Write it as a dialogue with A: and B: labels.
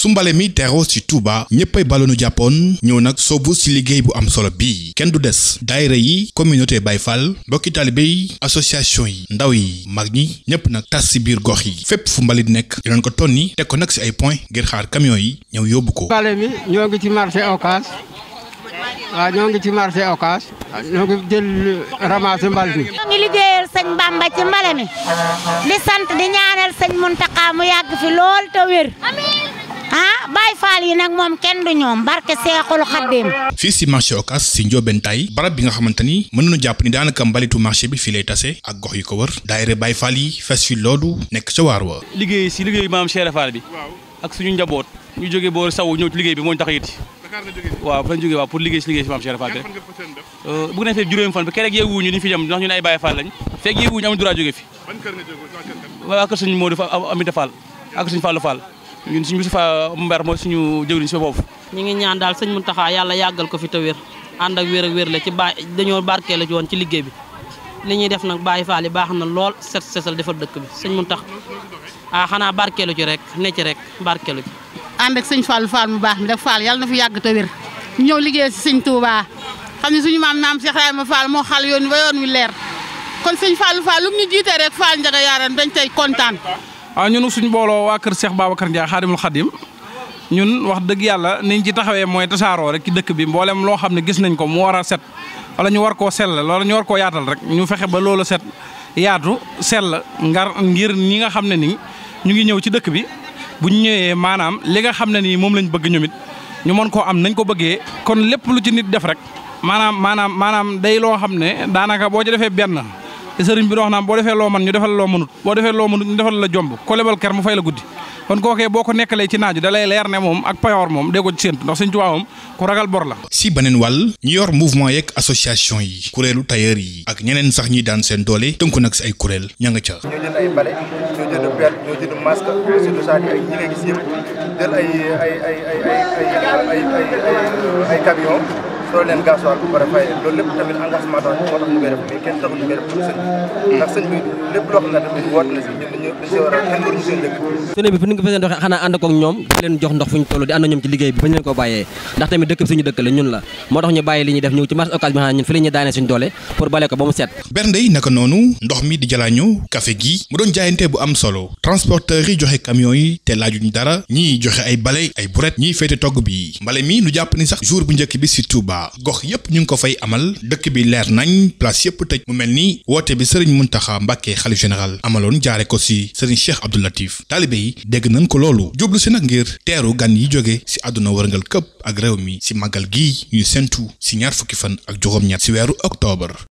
A: su mbale mi teroo ci Touba ñëppay ballonu jàppoon ñëw nag soobu ci liggéey bu am solo bii kenn du des daayira yi communauté Baye Fall mbokki taalibe yi association yi ndaw yi mag ñi ñëpp nag tas ci biir gox yi fépp fu mbalit nekk dinañ ko tonni teg ko nag ci ay point ngir xaar camion yi ñëw yóbbu ko. mbale
B: mi ñoo ngi ci marché Ocass waaw ñoo ngi ci marché Ocass ñoo ngi jël ramasser ci mbale mi di sant di ñaanal sëñ Mountakha mu yàgg fi lool te wér. Baay Faal yi nag moom kenn du ñoom barke Seexul Xaddim
A: fii si marché Ocass si Ndiobène Taye barab bi nga xamante ni mën nañu jàpp ni daanaka mbalitu marché bi fii lay tase ak gox yu ko wër daayira Baay Faal yi fes fi loodu nekk ca waar wa
B: liggéey si liggéey maam Cheikh Fall bi ak suñu njaboot ñu jógee boor saw ñëw bi moo ñu tax yiti waaw fa ñu jógee waaw pour liggéey si liggéey si maam Cheikh Fall bi rek euh, fee juróomi fan bi keroog yeewuñu ñu ñu fi jëm ndax ñu ne ay Baay Faal lañ fekk yeewuñu amul droit jóge fi waaw kër suñu Modou Amita ñun suñu Moustapha Mbar mooy suñu jëwriñ si foofu. ñu ngi ñaan daal sëñ Mountakha yàlla yàggal ko fi te wér ànd ak wér ak la ci ba dañoo barkeelu woon ci liggéey bi li ñuy def nag Baye Fall yi baax na lool set setal defal dëkk bi sëñ Mountakha ah xanaa barkeelu ci rek ne rek barkeelu ci. ànd ak sëñ Fall Fall mu baax mi rek Fall yàlla na fi yàgg te wér ñu ñëw liggéey si sëñ Touba xam ne suñu maam maam Cheikh Ibrahima Fall moo xal yoon ba yoon wi leer kon sëñ Fall kontaan waaw ah, ñunu suñu booloo waa kër Cheikh Babacar Ndiaye Xaadimul Xadim ñun wax dëgg yàlla niñ ci taxawee mooy tasaaroo rek ci dëkk bi mboolem loo xam ne gis nañ ko mu war a set wala ñu war koo sell wala ñu war koo yaatal rek ñu fexe ba loola set yaatu sell ngar ngir ñi nga xam ne nii ñu ngi ñëw ci dëkk bi bu ñu ñëwee maanaam li nga xam ne nii moom lañ bëgg ñoom ñu mën koo am nañ ko bëggee kon lépp lu ci nit def rek maanaam maanaam maanaam day loo xam ne daanaka boo ci defee benn te sëriñ bi dox naa boo defee loo man ñu defal loo mënut boo defee loo mënut ñu defal la jomb ko lebal ker mu fay la guddi kon kookee boo ko nekkalee ci naaju da lay leer ne moom ak payoor moom dee ko ci
A: séentu ndax sëñ Tuubaa moom ku ragal bor la si beneen wàll ñu yor mouvement yeeg association yi kuréelu tailleur yi ak ñeneen sax ñi daan seen doole tënku nag si ay kuréel ña ca ñoo
B: jënd ay bale ñoo jënd peel ñoo jënd masque surtout sax ay ñi nga gis soo leen gasoil bu pare fay loolu lépp ne a kenn waruñu bi fu ñu ko feseen doxee xanaa ànd koog ñoom di leen jox ndox fu ñu toll di ànd ñoom ci liggéey bi bañ leen ko bàyyee ndax tamit dëkk bi suñu dëkk la ñun la moo tax ñu bàyyi li ñuy def ñëw ci marché occasion bi xanaa ñun fi la ñuy daanee suñu doole
A: pour bale ko ba mu set bernde yi naka noonu ndox mi di jalaaño café gi mu doon jaayante bu am solo transporteurs yi joxe camions yi te laajuñ dara ñii joxe ay bale ay buret ñiy féete togg bi bu njëkk bi si Touba gox yépp ñu ngi ko fay amal dëkk bi leer nañ place yépp tëj mu mel ni woote bi sëriñ Muntaxa Mbàkke xalif général amaloon jaare ko si sëriñ Cheikh Abdou Latif taalibe yi dégg nañ ko loolu jublu si nag ngir teeru gan yi jóge si àdduna wërngal këpp ak réew mi si màggal gi ñuy sentu si ñaar fukki fan ak juróom-ñett si weeru octobre